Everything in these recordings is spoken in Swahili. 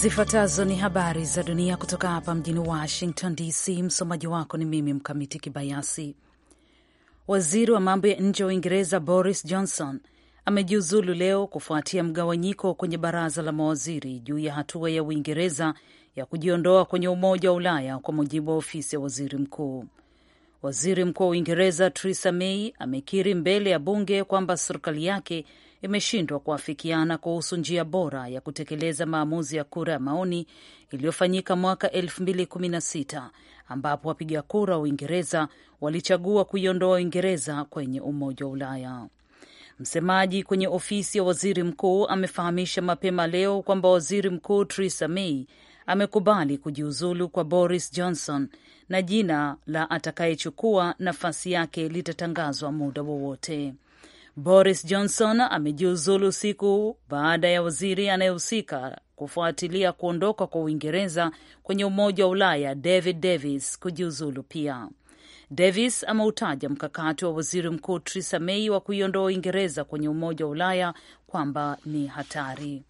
Zifuatazo ni habari za dunia kutoka hapa mjini Washington DC. Msomaji wako ni mimi Mkamiti Kibayasi. Waziri wa mambo ya nje wa Uingereza Boris Johnson amejiuzulu leo kufuatia mgawanyiko kwenye baraza la mawaziri juu ya hatua ya Uingereza ya kujiondoa kwenye Umoja wa Ulaya, kwa mujibu wa ofisi ya waziri mkuu. Waziri Mkuu wa Uingereza Theresa May amekiri mbele ya bunge kwamba serikali yake imeshindwa kuafikiana kuhusu njia bora ya kutekeleza maamuzi ya kura ya maoni iliyofanyika mwaka 2016 ambapo wapiga kura wa Uingereza walichagua kuiondoa Uingereza kwenye Umoja wa Ulaya. Msemaji kwenye ofisi ya waziri mkuu amefahamisha mapema leo kwamba waziri mkuu Theresa May amekubali kujiuzulu kwa Boris Johnson na jina la atakayechukua nafasi yake litatangazwa muda wowote. Boris Johnson amejiuzulu siku baada ya waziri anayehusika kufuatilia kuondoka kwa Uingereza kwenye Umoja wa Ulaya David Davis kujiuzulu pia. Davis ameutaja mkakati wa waziri mkuu Theresa May wa kuiondoa Uingereza kwenye Umoja wa Ulaya kwamba ni hatari.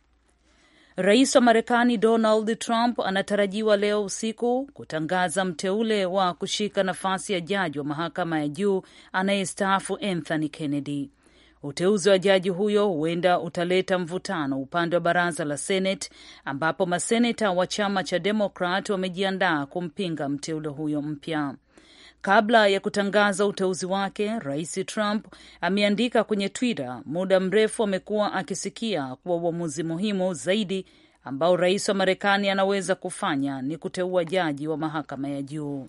Rais wa Marekani Donald Trump anatarajiwa leo usiku kutangaza mteule wa kushika nafasi ya jaji wa mahakama ya juu anayestaafu Anthony Kennedy. Uteuzi wa jaji huyo huenda utaleta mvutano upande wa baraza la Senate, ambapo maseneta wa chama cha Demokrat wamejiandaa kumpinga mteule huyo mpya. Kabla ya kutangaza uteuzi wake, rais Trump ameandika kwenye Twitter, muda mrefu amekuwa akisikia kuwa uamuzi muhimu zaidi ambao rais wa Marekani anaweza kufanya ni kuteua jaji wa mahakama ya juu.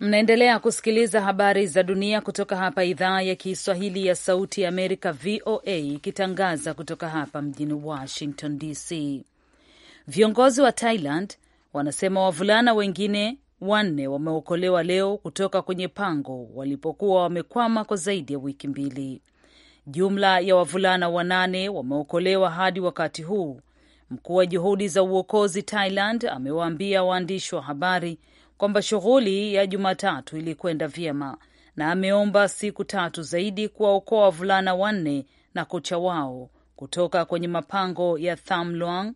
Mnaendelea kusikiliza habari za dunia kutoka hapa idhaa ya Kiswahili ya Sauti ya Amerika, VOA, ikitangaza kutoka hapa mjini Washington DC. Viongozi wa Thailand wanasema wavulana wengine wanne wameokolewa leo kutoka kwenye pango walipokuwa wamekwama kwa zaidi ya wiki mbili. Jumla ya wavulana wanane wameokolewa hadi wakati huu. Mkuu wa juhudi za uokozi Thailand amewaambia waandishi wa habari kwamba shughuli ya Jumatatu ilikwenda vyema na ameomba siku tatu zaidi kuwaokoa wavulana wanne na kocha wao kutoka kwenye mapango ya Thamloang.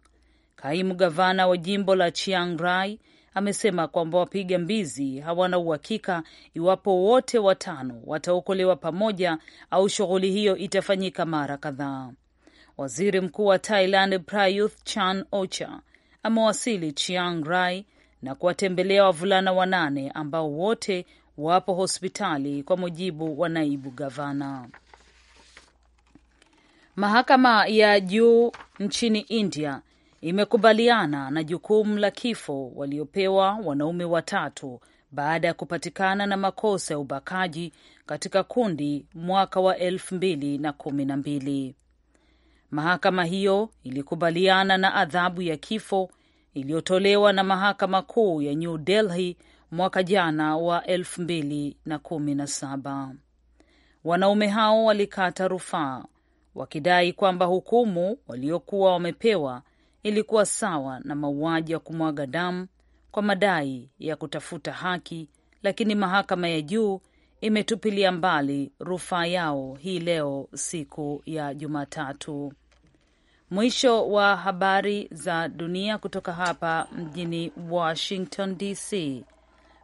Kaimu gavana wa jimbo la Chiang Rai amesema kwamba wapiga mbizi hawana uhakika iwapo wote watano wataokolewa pamoja au shughuli hiyo itafanyika mara kadhaa. Waziri Mkuu wa Thailand Prayuth Chan Ocha amewasili Chiang Rai na kuwatembelea wavulana wanane ambao wote wapo hospitali kwa mujibu wa naibu gavana. Mahakama ya juu nchini India imekubaliana na jukumu la kifo waliopewa wanaume watatu baada ya kupatikana na makosa ya ubakaji katika kundi mwaka wa elfu mbili na kumi na mbili. Mahakama hiyo ilikubaliana na adhabu ya kifo iliyotolewa na mahakama kuu ya New Delhi mwaka jana wa saba Wanaume hao walikata rufaa wakidai kwamba hukumu waliokuwa wamepewa ilikuwa sawa na mauaji ya kumwaga damu kwa madai ya kutafuta haki, lakini mahakama ya juu imetupilia mbali rufaa yao hii leo siku ya Jumatatu. Mwisho wa habari za dunia kutoka hapa mjini Washington DC.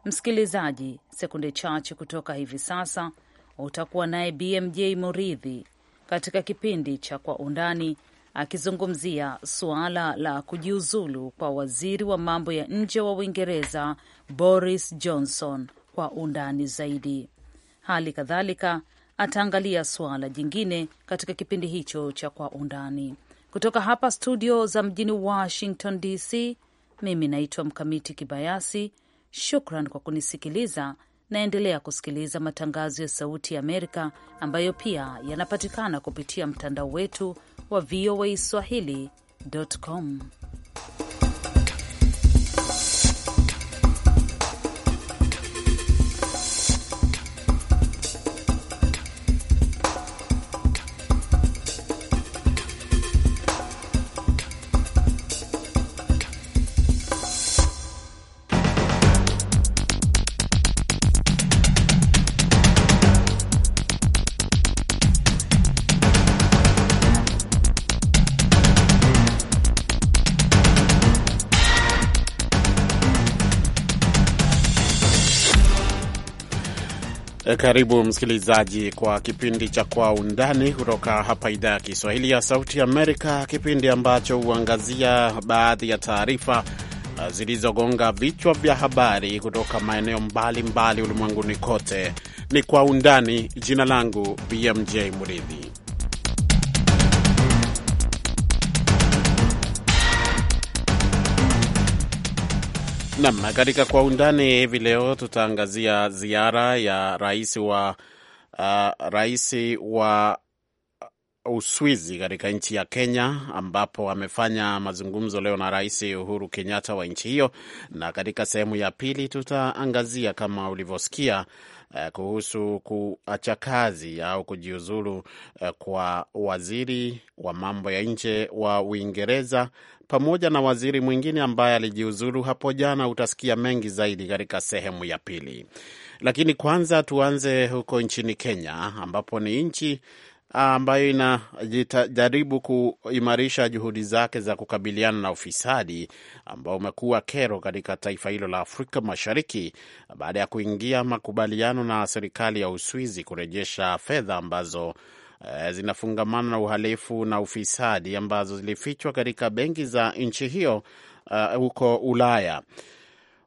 Msikilizaji, sekunde chache kutoka hivi sasa utakuwa naye BMJ Muridhi katika kipindi cha Kwa Undani akizungumzia suala la kujiuzulu kwa waziri wa mambo ya nje wa Uingereza Boris Johnson kwa undani zaidi. Hali kadhalika ataangalia suala jingine katika kipindi hicho cha Kwa Undani. Kutoka hapa studio za mjini Washington DC, mimi naitwa Mkamiti Kibayasi. Shukran kwa kunisikiliza. Naendelea kusikiliza matangazo ya Sauti ya Amerika ambayo pia yanapatikana kupitia mtandao wetu wa VOA Swahili.com. Eh, karibu msikilizaji kwa kipindi cha Kwa Undani kutoka hapa idhaa ya Kiswahili ya Sauti Amerika, kipindi ambacho huangazia baadhi ya taarifa eh, zilizogonga vichwa vya habari kutoka maeneo mbalimbali ulimwenguni kote. Ni Kwa Undani. Jina langu BMJ Muridhi. Nam, katika kwa undani hivi leo tutaangazia ziara ya rais wa uh, rais wa Uswizi katika nchi ya Kenya ambapo amefanya mazungumzo leo na Rais Uhuru Kenyatta wa nchi hiyo, na katika sehemu ya pili tutaangazia kama ulivyosikia uh, kuhusu kuacha kazi au kujiuzulu uh, kwa waziri wa mambo ya nje wa Uingereza pamoja na waziri mwingine ambaye alijiuzulu hapo jana. Utasikia mengi zaidi katika sehemu ya pili, lakini kwanza tuanze huko nchini Kenya ambapo ni nchi ambayo inajaribu kuimarisha juhudi zake za kukabiliana na ufisadi ambao umekuwa kero katika taifa hilo la Afrika Mashariki baada ya kuingia makubaliano na serikali ya Uswizi kurejesha fedha ambazo eh, zinafungamana na uhalifu na ufisadi ambazo zilifichwa katika benki za nchi hiyo eh, huko Ulaya.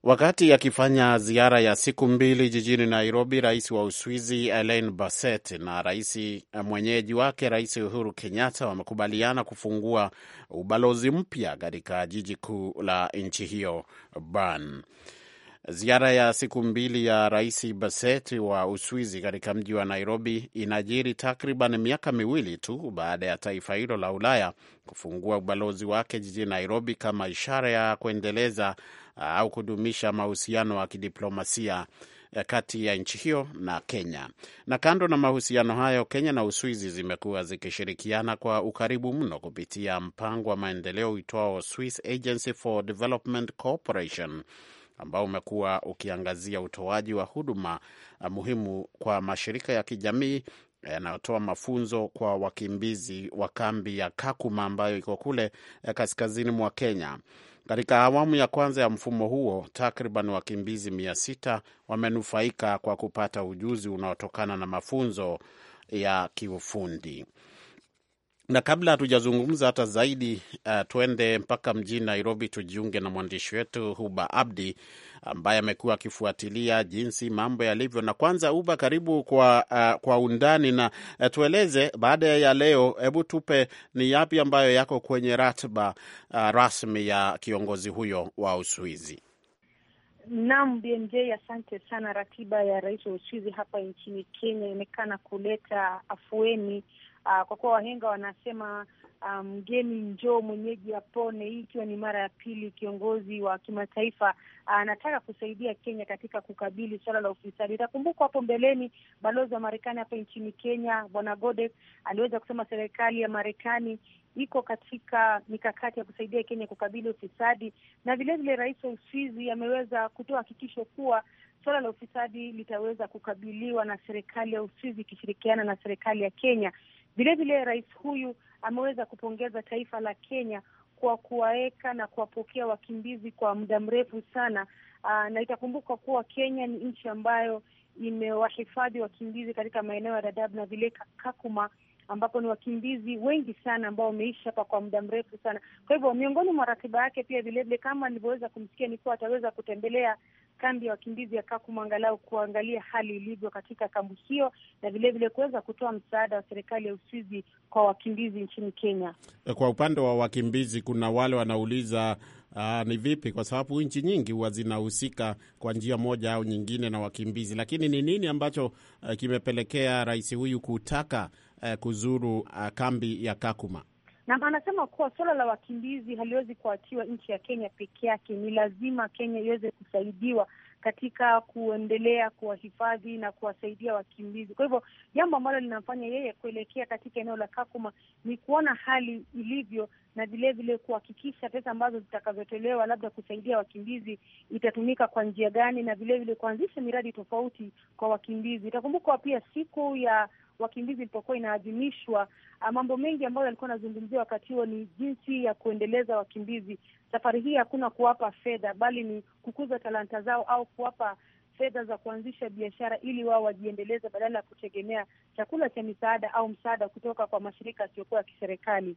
Wakati akifanya ziara ya siku mbili jijini Nairobi, rais wa Uswizi Alain baset na rais eh, mwenyeji wake Rais Uhuru Kenyatta wamekubaliana kufungua ubalozi mpya katika jiji kuu la nchi hiyo Bern. Ziara ya siku mbili ya rais Berset wa Uswizi katika mji wa Nairobi inajiri takriban miaka miwili tu baada ya taifa hilo la Ulaya kufungua ubalozi wake jijini Nairobi kama ishara ya kuendeleza au kudumisha mahusiano ya kidiplomasia eh, kati ya nchi hiyo na Kenya. Na kando na mahusiano hayo, Kenya na Uswizi zimekuwa zikishirikiana kwa ukaribu mno kupitia mpango wa maendeleo uitwao Swiss Agency for Development Cooperation ambao umekuwa ukiangazia utoaji wa huduma eh, muhimu kwa mashirika ya kijamii eh, yanayotoa mafunzo kwa wakimbizi wa kambi ya Kakuma ambayo iko kule kaskazini mwa Kenya. Katika awamu ya kwanza ya mfumo huo, takriban wakimbizi mia sita wamenufaika kwa kupata ujuzi unaotokana na mafunzo ya kiufundi na kabla hatujazungumza hata zaidi uh, twende mpaka mjini Nairobi tujiunge na mwandishi wetu Huba Abdi ambaye amekuwa akifuatilia jinsi mambo yalivyo. Na kwanza, Huba, karibu kwa, uh, kwa undani na uh, tueleze baada ya leo, hebu tupe ni yapi ambayo yako kwenye ratiba uh, rasmi ya kiongozi huyo wa Uswizi. Naam, BMJ, asante sana. Ratiba ya rais wa Uswizi hapa nchini Kenya inaonekana kuleta afueni uh, kwa kuwa wahenga wanasema ah, mgeni um, njoo mwenyeji apone. Hii ikiwa ni mara ya pili kiongozi wa kimataifa ah, anataka uh, kusaidia Kenya katika kukabili suala la ufisadi. Itakumbukwa hapo mbeleni balozi wa Marekani hapa nchini Kenya Bwana Godec aliweza kusema serikali ya Marekani iko katika mikakati ya kusaidia Kenya kukabili ufisadi, na vilevile rais wa Uswizi ameweza kutoa hakikisho kuwa suala la ufisadi litaweza kukabiliwa na serikali ya Uswizi ikishirikiana na serikali ya Kenya. Vilevile rais huyu ameweza kupongeza taifa la Kenya kwa kuwaweka na kuwapokea wakimbizi kwa muda mrefu sana. Aa, ah, na itakumbuka kuwa Kenya ni nchi ambayo imewahifadhi wakimbizi katika maeneo ya Dadaab na vile Kakuma ambapo ni wakimbizi wengi sana ambao wameishi hapa kwa muda mrefu sana. Kwa hivyo miongoni mwa ratiba yake pia vilevile, kama nilivyoweza kumsikia, ni kuwa ataweza kutembelea kambi ya wakimbizi ya Kakuma angalau kuangalia hali ilivyo katika kambi hiyo na vilevile kuweza kutoa msaada wa serikali ya Uswizi kwa wakimbizi nchini Kenya. Eh, kwa upande wa wakimbizi, kuna wale wanauliza Uh, ni vipi kwa sababu nchi nyingi huwa zinahusika kwa njia moja au nyingine na wakimbizi, lakini ni nini ambacho uh, kimepelekea rais huyu kutaka uh, kuzuru uh, kambi ya Kakuma? na anasema kuwa suala la wakimbizi haliwezi kuachiwa nchi ya Kenya peke yake. Ni lazima Kenya iweze kusaidiwa katika kuendelea kuwahifadhi na kuwasaidia wakimbizi. Kwa hivyo jambo ambalo linamfanya yeye kuelekea katika eneo la Kakuma ni kuona hali ilivyo, na vilevile kuhakikisha pesa ambazo zitakazotolewa labda kusaidia wakimbizi itatumika kwa njia gani, na vilevile kuanzisha miradi tofauti kwa wakimbizi. Itakumbukwa pia siku ya wakimbizi ilipokuwa inaadhimishwa, ah, mambo mengi ambayo yalikuwa anazungumzia wakati huo ni jinsi ya kuendeleza wakimbizi. Safari hii hakuna kuwapa fedha, bali ni kukuza talanta zao au kuwapa fedha za kuanzisha biashara ili wao wajiendeleze badala ya kutegemea chakula cha misaada au msaada kutoka kwa mashirika yasiyokuwa ya kiserikali.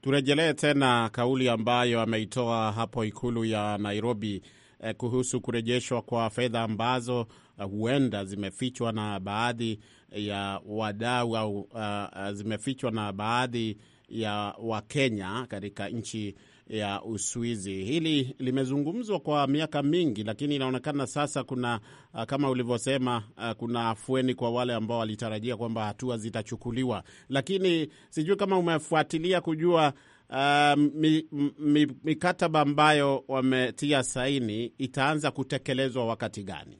Turejelee tena kauli ambayo ameitoa hapo Ikulu ya Nairobi eh, kuhusu kurejeshwa kwa fedha ambazo eh, huenda zimefichwa na baadhi ya wadau au uh, uh, zimefichwa na baadhi ya Wakenya katika nchi ya Uswizi. Hili limezungumzwa kwa miaka mingi, lakini inaonekana sasa kuna uh, kama ulivyosema uh, kuna afueni kwa wale ambao walitarajia kwamba hatua zitachukuliwa, lakini sijui kama umefuatilia kujua uh, mi, mi, mikataba ambayo wametia saini itaanza kutekelezwa wakati gani?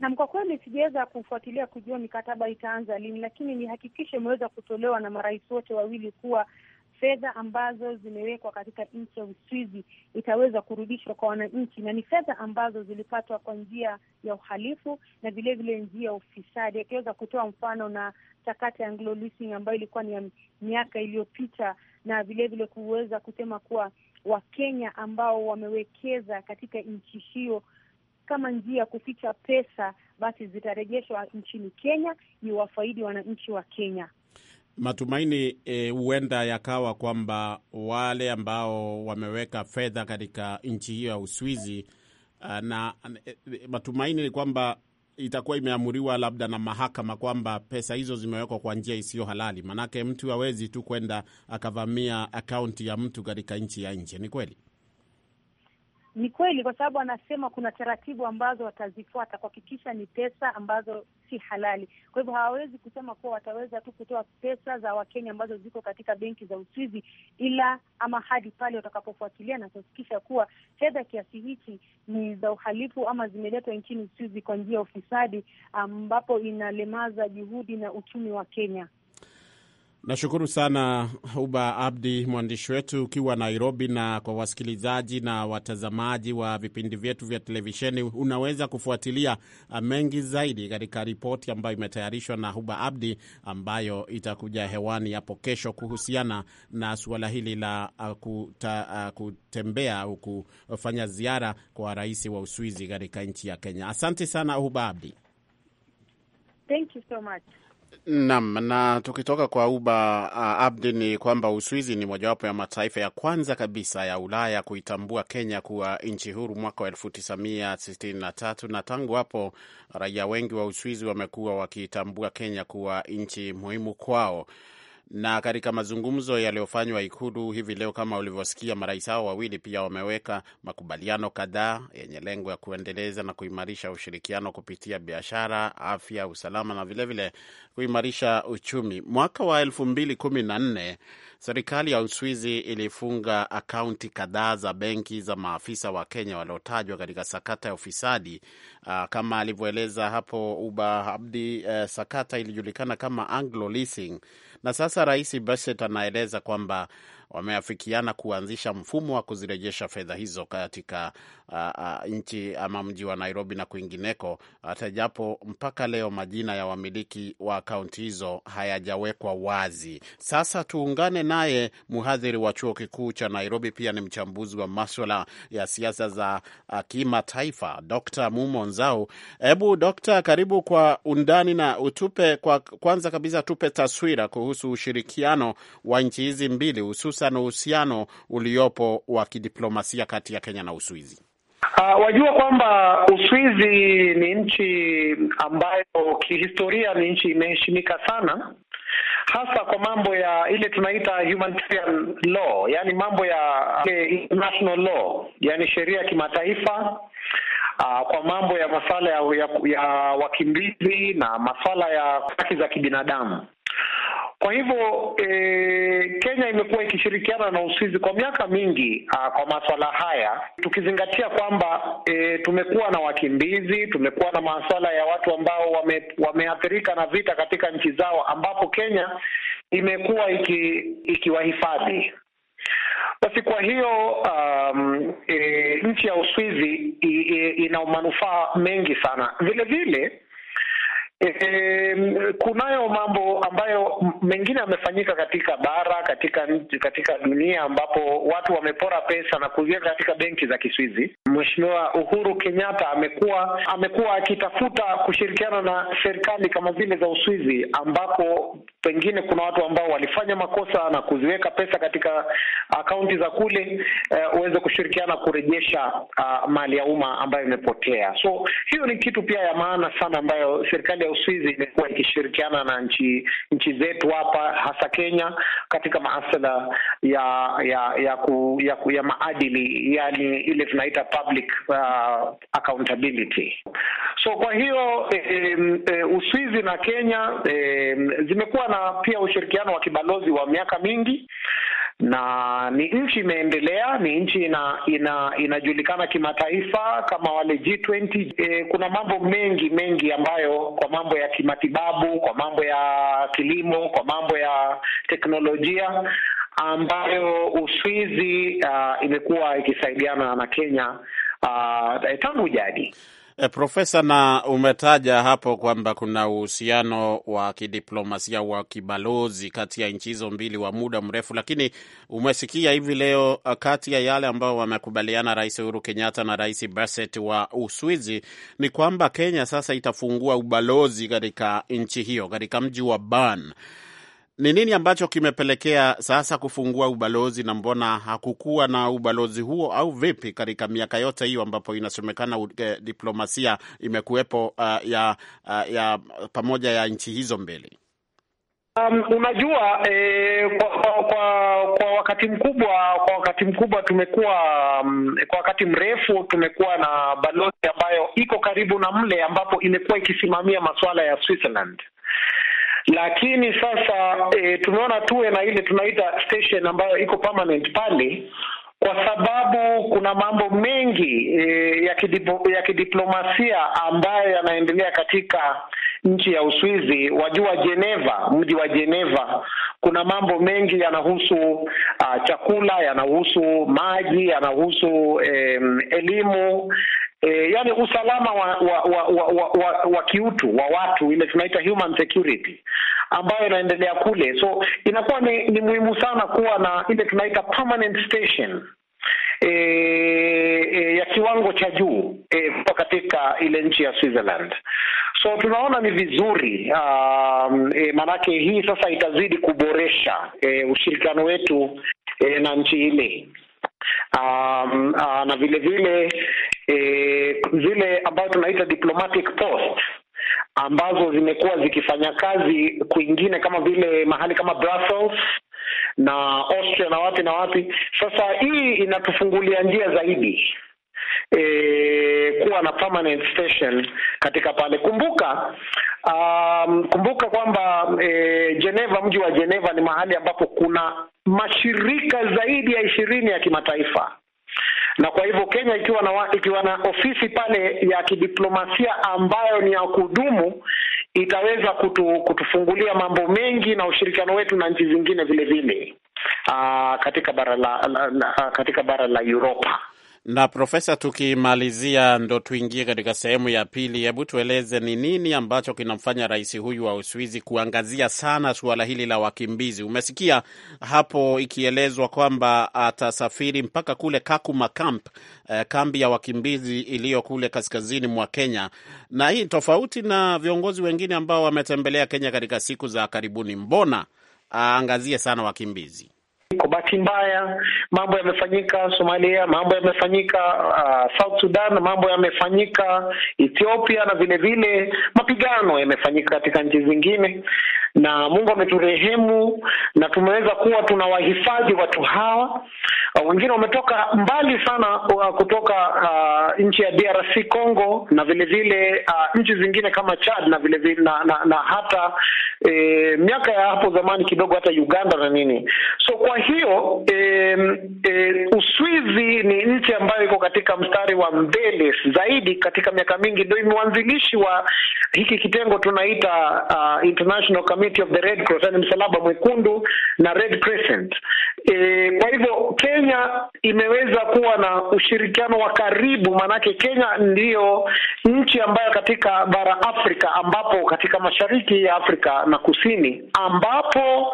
Nam, kwa kweli sijaweza kufuatilia kujua mikataba itaanza lini, lakini nihakikishe imeweza kutolewa na marais wote wawili kuwa fedha ambazo zimewekwa katika nchi ya Uswizi itaweza kurudishwa kwa wananchi, na ni fedha ambazo zilipatwa kwa njia ya uhalifu na vilevile njia ya ufisadi. Akiweza kutoa mfano na sakata ya Anglo Leasing ambayo ilikuwa ni ya miaka iliyopita, na vilevile kuweza kusema kuwa Wakenya ambao wamewekeza katika nchi hiyo kama njia ya kuficha pesa, basi zitarejeshwa nchini Kenya ni wafaidi wananchi wa Kenya. Matumaini e, huenda e, yakawa kwamba wale ambao wameweka fedha katika nchi hiyo ya Uswizi na e, matumaini ni kwamba itakuwa imeamuriwa labda na mahakama kwamba pesa hizo zimewekwa kwa njia isiyo halali, maanake mtu hawezi tu kwenda akavamia akaunti ya mtu katika nchi ya nje. Ni kweli ni kweli, kwa sababu anasema kuna taratibu ambazo watazifuata kuhakikisha ni pesa ambazo si halali. Kwa hivyo hawawezi kusema kuwa wataweza tu kutoa pesa za Wakenya ambazo ziko katika benki za Uswizi, ila ama hadi pale watakapofuatilia na kuhakikisha kuwa fedha kiasi hichi ni za uhalifu ama zimeletwa nchini Uswizi kwa njia ya ufisadi, ambapo inalemaza juhudi na uchumi wa Kenya. Nashukuru sana Huba Abdi, mwandishi wetu ukiwa Nairobi. Na kwa wasikilizaji na watazamaji wa vipindi vyetu vya televisheni, unaweza kufuatilia uh, mengi zaidi katika ripoti ambayo imetayarishwa na Huba Abdi ambayo itakuja hewani hapo kesho kuhusiana na suala hili la uh, kuta, uh, kutembea au kufanya ziara kwa rais wa Uswizi katika nchi ya Kenya. Asante sana Huba Abdi. Thank you so much nam na tukitoka kwa uba uh, Abdi, ni kwamba Uswizi ni mojawapo ya mataifa ya kwanza kabisa ya Ulaya kuitambua Kenya kuwa nchi huru mwaka wa elfu tatu na tangu hapo raia wengi wa Uswizi wamekuwa wakiitambua Kenya kuwa nchi muhimu kwao. Na katika mazungumzo yaliyofanywa Ikulu hivi leo, kama ulivyosikia, marais hao wawili pia wameweka makubaliano kadhaa yenye lengo ya kuendeleza na kuimarisha ushirikiano kupitia biashara, afya, usalama na vilevile vile kuimarisha uchumi. Mwaka wa elfu mbili kumi na nne Serikali ya Uswizi ilifunga akaunti kadhaa za benki za maafisa wa Kenya waliotajwa katika sakata ya ufisadi. Uh, kama alivyoeleza hapo Uba Abdi, uh, sakata ilijulikana kama Anglo Leasing, na sasa Rais Baset anaeleza kwamba wameafikiana kuanzisha mfumo wa kuzirejesha fedha hizo katika uh, uh, nchi ama mji wa Nairobi na kwingineko, hata japo mpaka leo majina ya wamiliki wa akaunti hizo hayajawekwa wazi. Sasa tuungane naye mhadhiri wa chuo kikuu cha Nairobi, pia ni mchambuzi wa maswala ya siasa za kimataifa, Dr. Mumo Nzau. Hebu Dr. karibu kwa undani na utupe kwa, kwanza kabisa tupe taswira kuhusu ushirikiano wa nchi hizi mbili hususan hususan uhusiano uliopo wa kidiplomasia kati ya Kenya na Uswizi? Uh, wajua kwamba Uswizi ni nchi ambayo kihistoria ni nchi imeheshimika sana hasa kwa mambo ya ile tunaita humanitarian law, yani mambo ya international law, yani sheria ya kimataifa uh, kwa mambo ya masuala ya, ya, ya wakimbizi na masuala ya haki za kibinadamu. Kwa hivyo e, Kenya imekuwa ikishirikiana na Uswizi kwa miaka mingi a, kwa maswala haya, tukizingatia kwamba e, tumekuwa na wakimbizi, tumekuwa na maswala ya watu ambao wame, wameathirika na vita katika nchi zao, ambapo Kenya imekuwa ikiwahifadhi iki basi kwa hiyo um, e, nchi ya Uswizi ina manufaa mengi sana. Vile vile E, e, kunayo mambo ambayo mengine yamefanyika katika bara, katika katika dunia ambapo watu wamepora pesa na kuziweka katika benki za Kiswizi. Mheshimiwa Uhuru Kenyatta amekuwa amekuwa akitafuta kushirikiana na serikali kama zile za Uswizi, ambapo pengine kuna watu ambao walifanya makosa na kuziweka pesa katika akaunti za kule, eh, uweze e, kushirikiana kurejesha a, ah, mali ya umma ambayo imepotea. So hiyo ni kitu pia ya maana sana ambayo serikali ya Uswizi imekuwa ikishirikiana na nchi nchi zetu hapa hasa Kenya katika masuala ya ya ya, ku, ya, ku, ya maadili yani ile tunaita public uh, accountability. So kwa hiyo e, e, Uswizi na Kenya e, zimekuwa na pia ushirikiano wa kibalozi wa miaka mingi na ni nchi imeendelea, ni nchi ina, ina, inajulikana kimataifa kama wale G20. E, kuna mambo mengi mengi ambayo kwa mambo ya kimatibabu, kwa mambo ya kilimo, kwa mambo ya teknolojia ambayo Uswizi uh, imekuwa ikisaidiana na Kenya uh, tangu jadi. E, Profesa, na umetaja hapo kwamba kuna uhusiano wa kidiplomasia wa kibalozi kati ya nchi hizo mbili wa muda mrefu, lakini umesikia hivi leo eh, kati ya yale ambayo wamekubaliana Rais Uhuru Kenyatta na Rais Baset wa Uswizi ni kwamba Kenya sasa itafungua ubalozi katika nchi hiyo katika mji wa Bern. Ni nini ambacho kimepelekea sasa kufungua ubalozi na mbona hakukuwa na ubalozi huo au vipi, katika miaka yote hiyo ambapo inasemekana e, diplomasia imekuwepo uh, ya, uh, ya pamoja ya nchi hizo mbili? Um, unajua e, kwa, kwa, kwa, kwa wakati mkubwa kwa wakati mkubwa tumekuwa um, kwa wakati mrefu tumekuwa na balozi ambayo iko karibu na mle ambapo imekuwa ikisimamia masuala ya Switzerland lakini sasa e, tumeona tuwe na ile tunaita station ambayo iko permanent pale kwa sababu kuna mambo mengi e, ya, kidipo, ya kidiplomasia ambayo yanaendelea katika nchi ya Uswizi. Wajua Geneva, mji wa Geneva, kuna mambo mengi yanahusu uh, chakula, yanahusu maji, yanahusu um, elimu e, yani usalama wa wa, wa, wa, wa, wa wa kiutu wa watu ile tunaita human security ambayo inaendelea kule, so inakuwa ni, ni muhimu sana kuwa na ile tunaita permanent station E, e, ya kiwango cha juu e, katika ile nchi ya Switzerland. So tunaona ni vizuri um, e, maanake hii sasa itazidi kuboresha e, ushirikiano wetu e, na nchi ile. Um, uh, na vile vile e, zile ambazo tunaita diplomatic post ambazo zimekuwa zikifanya kazi kwingine kama vile mahali kama Brussels na Austria na wapi na wapi. Sasa hii inatufungulia njia zaidi e, kuwa na permanent station katika pale. Kumbuka um, kumbuka kwamba e, Geneva, mji wa Geneva ni mahali ambapo kuna mashirika zaidi ya ishirini ya kimataifa na kwa hivyo Kenya ikiwa na, ikiwa na ofisi pale ya kidiplomasia ambayo ni ya kudumu itaweza kutu, kutufungulia mambo mengi na ushirikiano wetu na nchi zingine vile vile ah, katika bara la, la, la, katika bara la Europa. Na Profesa, tukimalizia ndo tuingie katika sehemu ya pili, hebu tueleze ni nini ambacho kinamfanya rais huyu wa Uswizi kuangazia sana suala hili la wakimbizi. Umesikia hapo ikielezwa kwamba atasafiri mpaka kule Kakuma Camp, eh, kambi ya wakimbizi iliyo kule kaskazini mwa Kenya, na hii tofauti na viongozi wengine ambao wametembelea Kenya katika siku za karibuni. Mbona aangazie sana wakimbizi? Kwa bahati mbaya mambo yamefanyika Somalia, mambo yamefanyika uh, South Sudan, mambo yamefanyika Ethiopia, na vile vile mapigano yamefanyika katika nchi zingine na Mungu ameturehemu na tumeweza kuwa tunawahifadhi watu hawa. Uh, wengine wametoka mbali sana uh, kutoka uh, nchi ya DRC Congo na vile vile uh, nchi zingine kama Chad na vile vile na, na, na hata e, miaka ya hapo zamani kidogo hata Uganda na nini. So kwa hiyo e, e, Uswizi ni nchi ambayo iko katika mstari wa mbele zaidi katika miaka mingi, ndio imewanzilishi wa hiki kitengo tunaita uh, international Committee of the Red Cross, yani msalaba mwekundu na Red Crescent. E, kwa hivyo Kenya imeweza kuwa na ushirikiano wa karibu, maanake Kenya ndiyo nchi ambayo katika bara Afrika ambapo katika mashariki ya Afrika na kusini ambapo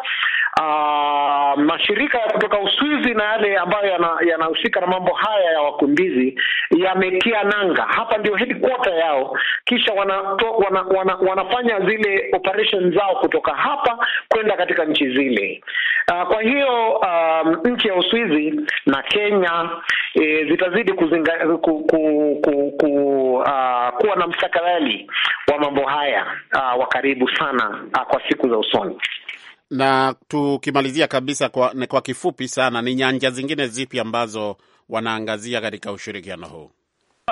aa, ah, mashirika ya kutoka Uswizi na yale ambayo yanahusika yana na mambo haya ya wakimbizi yametia nanga hapa, ndio headquarter yao, kisha to, wana, wana, wanafanya zile operation zao kutoka hapa kwenda katika nchi zile. Aa, ah, kwa hiyo um, nchi ya Uswizi na Kenya e, zitazidi kuzinga, ku, ku, ku, ku, uh, kuwa na mstakabali wa mambo haya uh, wa karibu sana uh, kwa siku za usoni na tukimalizia kabisa kwa, kwa kifupi sana, ni nyanja zingine zipi ambazo wanaangazia katika ushirikiano huu?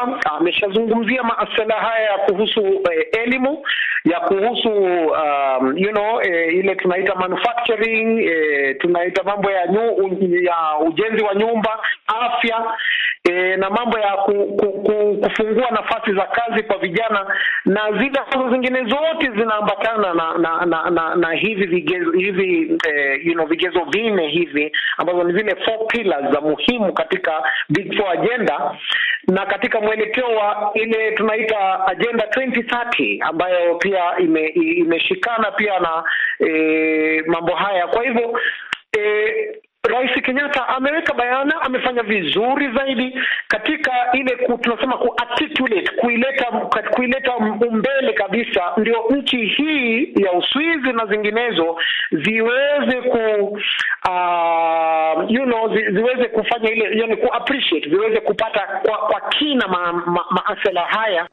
Um, ameshazungumzia masala haya ya kuhusu eh, elimu ya kuhusu um, you know eh, ile tunaita manufacturing eh, tunaita mambo ya, nyu, ya ujenzi wa nyumba, afya e, na mambo ya ku, ku, ku, kufungua nafasi za kazi kwa vijana na zile ambazo zingine zote zinaambatana na na, na, na na hivi vigezo hivi eh, you know, vigezo vine hivi ambazo ni zile four pillars za muhimu katika Big Four agenda na katika mwelekeo wa ile tunaita agenda 2030 ambayo pia ime, imeshikana pia na eh, mambo haya kwa hivyo eh, Rais Kenyatta ameweka bayana, amefanya vizuri zaidi katika ile ku, tunasema ku articulate kuileta kuileta mbele kabisa, ndio nchi hii ya Uswizi na zinginezo ziweze ku uh, you know, zi, ziweze kufanya ile yani ku appreciate ziweze kupata kwa, kwa kina maasala ma, ma haya.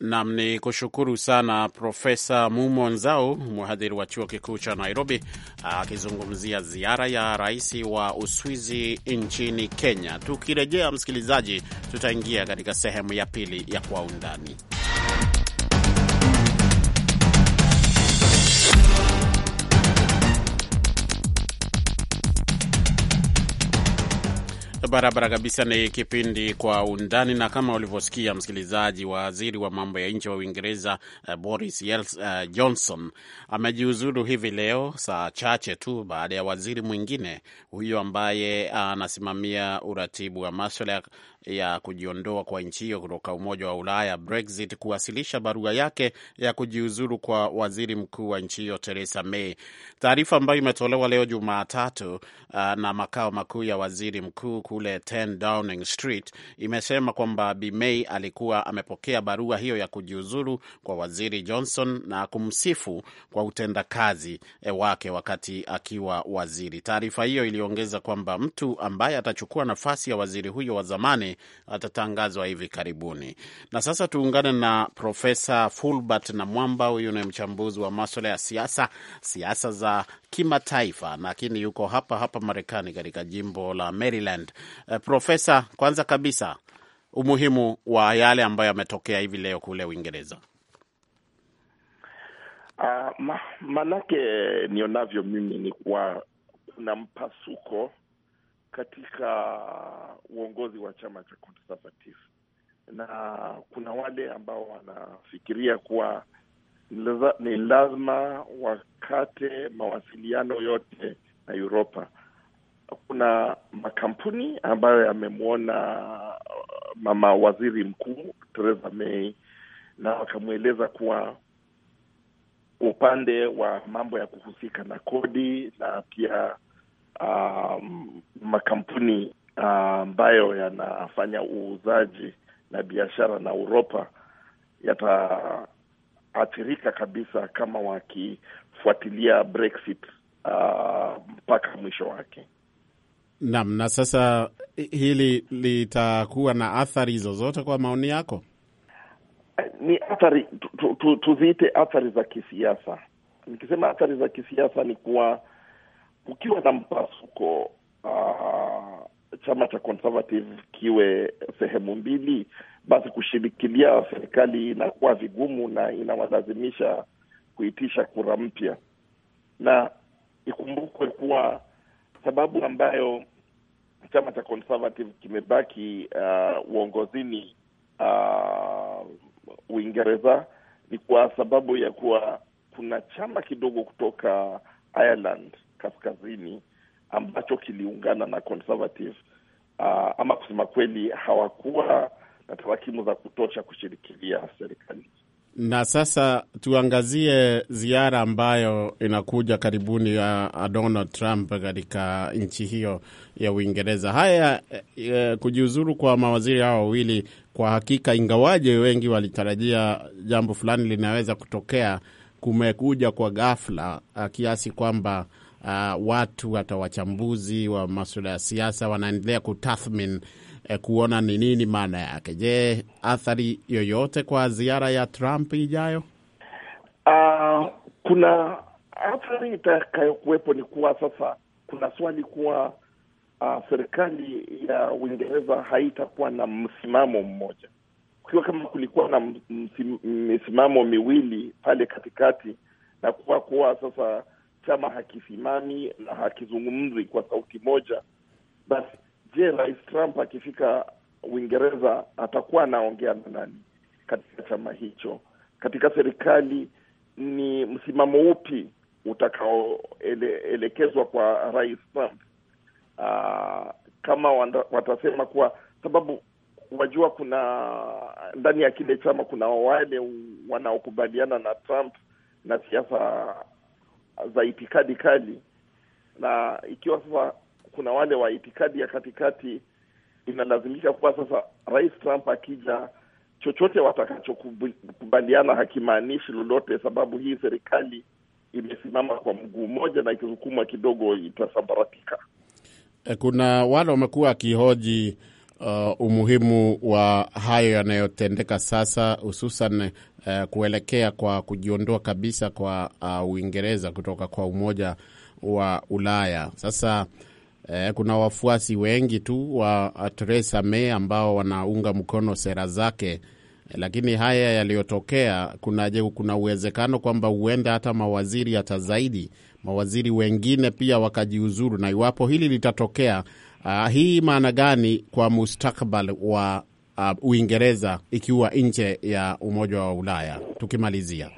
Nam ni kushukuru sana Profesa Mumo Nzau, mhadhiri wa chuo kikuu cha Nairobi, akizungumzia ziara ya rais wa Uswizi nchini Kenya. Tukirejea msikilizaji, tutaingia katika sehemu ya pili ya Kwa Undani. Barabara kabisa. Ni kipindi Kwa Undani, na kama ulivyosikia msikilizaji, waziri wa mambo ya nje wa Uingereza uh, Boris Yels, uh, Johnson amejiuzulu hivi leo, saa chache tu baada ya waziri mwingine huyo ambaye eh, anasimamia uh, uratibu wa maswala ya kujiondoa kwa nchi hiyo kutoka Umoja wa Ulaya, Brexit, kuwasilisha barua yake ya kujiuzuru kwa waziri mkuu wa nchi hiyo Theresa May. Taarifa ambayo imetolewa leo Jumatatu uh, na makao makuu ya waziri mkuu kule 10 Downing Street imesema kwamba Bi May alikuwa amepokea barua hiyo ya kujiuzuru kwa waziri Johnson na kumsifu kwa utendakazi eh, wake wakati akiwa waziri. Taarifa hiyo iliongeza kwamba mtu ambaye atachukua nafasi ya waziri huyo wa zamani atatangazwa hivi karibuni. Na sasa tuungane na Profesa Fulbert na Mwamba, huyu ni mchambuzi wa maswala ya siasa, siasa za kimataifa, lakini yuko hapa hapa Marekani katika jimbo la Maryland. Uh, Profesa, kwanza kabisa umuhimu wa yale ambayo yametokea hivi leo kule Uingereza. Uh, ma, manake nionavyo mimi ni kuwa kuna mpasuko katika uongozi wa chama cha Conservative, na kuna wale ambao wanafikiria kuwa ni lazima wakate mawasiliano yote na Uropa. Kuna makampuni ambayo yamemwona uh, mama waziri mkuu Theresa May na wakamweleza kuwa upande wa mambo ya kuhusika na kodi na pia um, makampuni uh, ambayo uh, yanafanya uuzaji na biashara na Uropa yataathirika kabisa kama wakifuatilia Brexit uh, mpaka mwisho wake. Naam. Na sasa hili litakuwa na athari zozote kwa maoni yako? Ni athari tuziite tu, tu athari za kisiasa. Nikisema athari za kisiasa ni kuwa kukiwa na mpasuko uh, chama cha Conservative kiwe sehemu mbili, basi kushirikilia serikali inakuwa vigumu na inawalazimisha kuitisha kura mpya, na ikumbukwe kuwa sababu ambayo chama cha Conservative kimebaki uh, uongozini uh, Uingereza ni kwa sababu ya kuwa kuna chama kidogo kutoka Ireland kaskazini ambacho kiliungana na conservative uh, ah, ama kusema kweli hawakuwa na tarakimu za kutosha kushirikilia serikali. Na sasa tuangazie ziara ambayo inakuja karibuni ya Donald Trump katika nchi hiyo ya Uingereza. Haya e, kujiuzuru kwa mawaziri hao wawili kwa hakika, ingawaje wengi walitarajia jambo fulani linaweza kutokea, kumekuja kwa ghafla ah, kiasi kwamba uh, watu hata wachambuzi wa masuala ya siasa wanaendelea kutathmin eh, kuona ni nini maana yake. Je, athari yoyote kwa ziara ya Trump ijayo? Uh, kuna athari itakayokuwepo ni kuwa sasa kuna swali kuwa uh, serikali ya Uingereza haitakuwa na msimamo mmoja. Ukiwa kama kulikuwa na msimamo misimamo miwili pale katikati, na kuwa kuwa sasa chama hakisimami na hakizungumzi kwa sauti moja, basi je, Rais Trump akifika Uingereza atakuwa anaongea na nani katika chama hicho? Katika serikali ni msimamo upi utakaoelekezwa ele, kwa Rais Trump? Aa, ah, kama wanda, watasema kuwa sababu wajua, kuna ndani ya kile chama kuna wale wanaokubaliana na Trump na siasa za itikadi kali, na ikiwa sasa kuna wale wa itikadi ya katikati, inalazimika kuwa sasa Rais Trump akija, chochote watakachokubaliana hakimaanishi lolote, sababu hii serikali imesimama kwa mguu mmoja na ikisukumwa kidogo itasambaratika. Eh, kuna wale wamekuwa wakihoji uh, umuhimu wa hayo yanayotendeka sasa, hususan eh, kuelekea kwa kujiondoa kabisa kwa uh, Uingereza kutoka kwa Umoja wa Ulaya. Sasa eh, kuna wafuasi wengi tu wa uh, Theresa May ambao wanaunga mkono sera zake, lakini haya yaliyotokea, kuna je, kuna uwezekano kwamba huenda hata mawaziri hata zaidi mawaziri wengine pia wakajiuzuru, na iwapo hili litatokea, uh, hii maana gani kwa mustakbal wa uh, Uingereza ikiwa nje ya Umoja wa Ulaya. Tukimalizia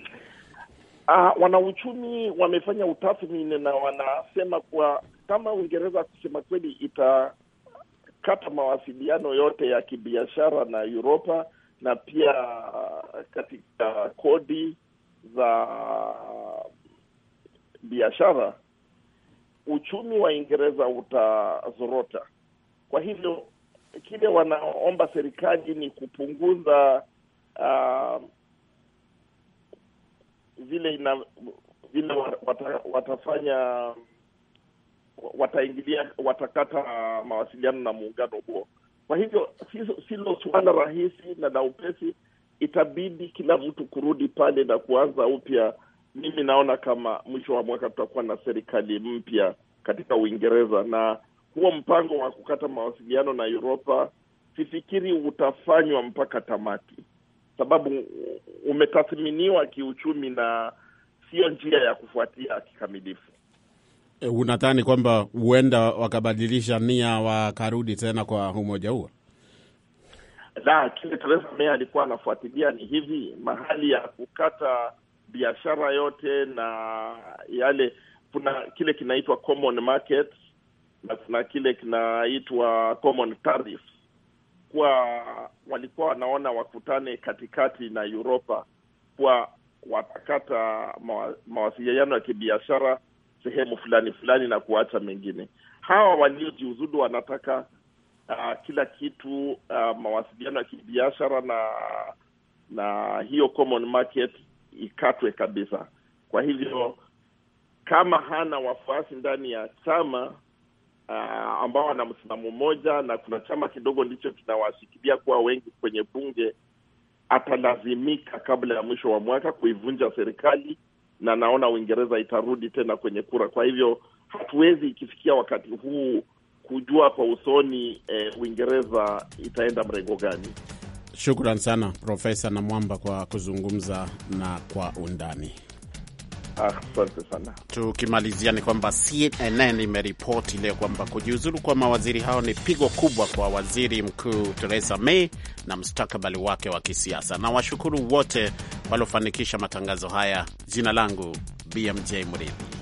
uh, wanauchumi wamefanya utathmini na wanasema kuwa kama Uingereza kusema kweli itakata mawasiliano yote ya kibiashara na Uropa na pia katika kodi za biashara uchumi wa Uingereza utazorota. Kwa hivyo kile wanaomba serikali ni kupunguza uh, vile ina vile wata, watafanya wataingilia watakata mawasiliano na muungano huo. Kwa hivyo silo suala rahisi na la upesi, itabidi kila mtu kurudi pale na kuanza upya. Mimi naona kama mwisho wa mwaka tutakuwa na serikali mpya katika Uingereza na huo mpango wa kukata mawasiliano na Uropa sifikiri utafanywa mpaka tamati, sababu umetathminiwa kiuchumi na siyo njia ya kufuatia kikamilifu. E, unadhani kwamba huenda wakabadilisha nia wakarudi tena kwa umoja huo? La, kile Theresa May alikuwa anafuatilia ni hivi, mahali ya kukata biashara yote na yale, kuna kile kinaitwa common na kuna kile kinaitwa common tariff, kuwa walikuwa wanaona wakutane katikati na Uropa, kuwa watakata mawasiliano ya kibiashara sehemu fulani fulani na kuacha mengine. Hawa waliojiuzudu wanataka uh, kila kitu uh, mawasiliano ya kibiashara na na hiyo common market ikatwe kabisa. Kwa hivyo kama hana wafuasi ndani ya chama uh, ambao wana msimamo mmoja, na kuna chama kidogo ndicho kinawashikilia kuwa wengi kwenye bunge, atalazimika kabla ya mwisho wa mwaka kuivunja serikali, na naona Uingereza itarudi tena kwenye kura. Kwa hivyo hatuwezi ikifikia wakati huu kujua kwa usoni eh, Uingereza itaenda mrengo gani. Shukran sana Profesa Namwamba kwa kuzungumza na kwa undani. Ah, asante sana. Tukimalizia ni kwamba CNN imeripoti leo kwamba kujiuzulu kwa mawaziri hao ni pigo kubwa kwa waziri mkuu Theresa May na mstakabali wake wa kisiasa. Na washukuru wote waliofanikisha matangazo haya. Jina langu BMJ Mridhi.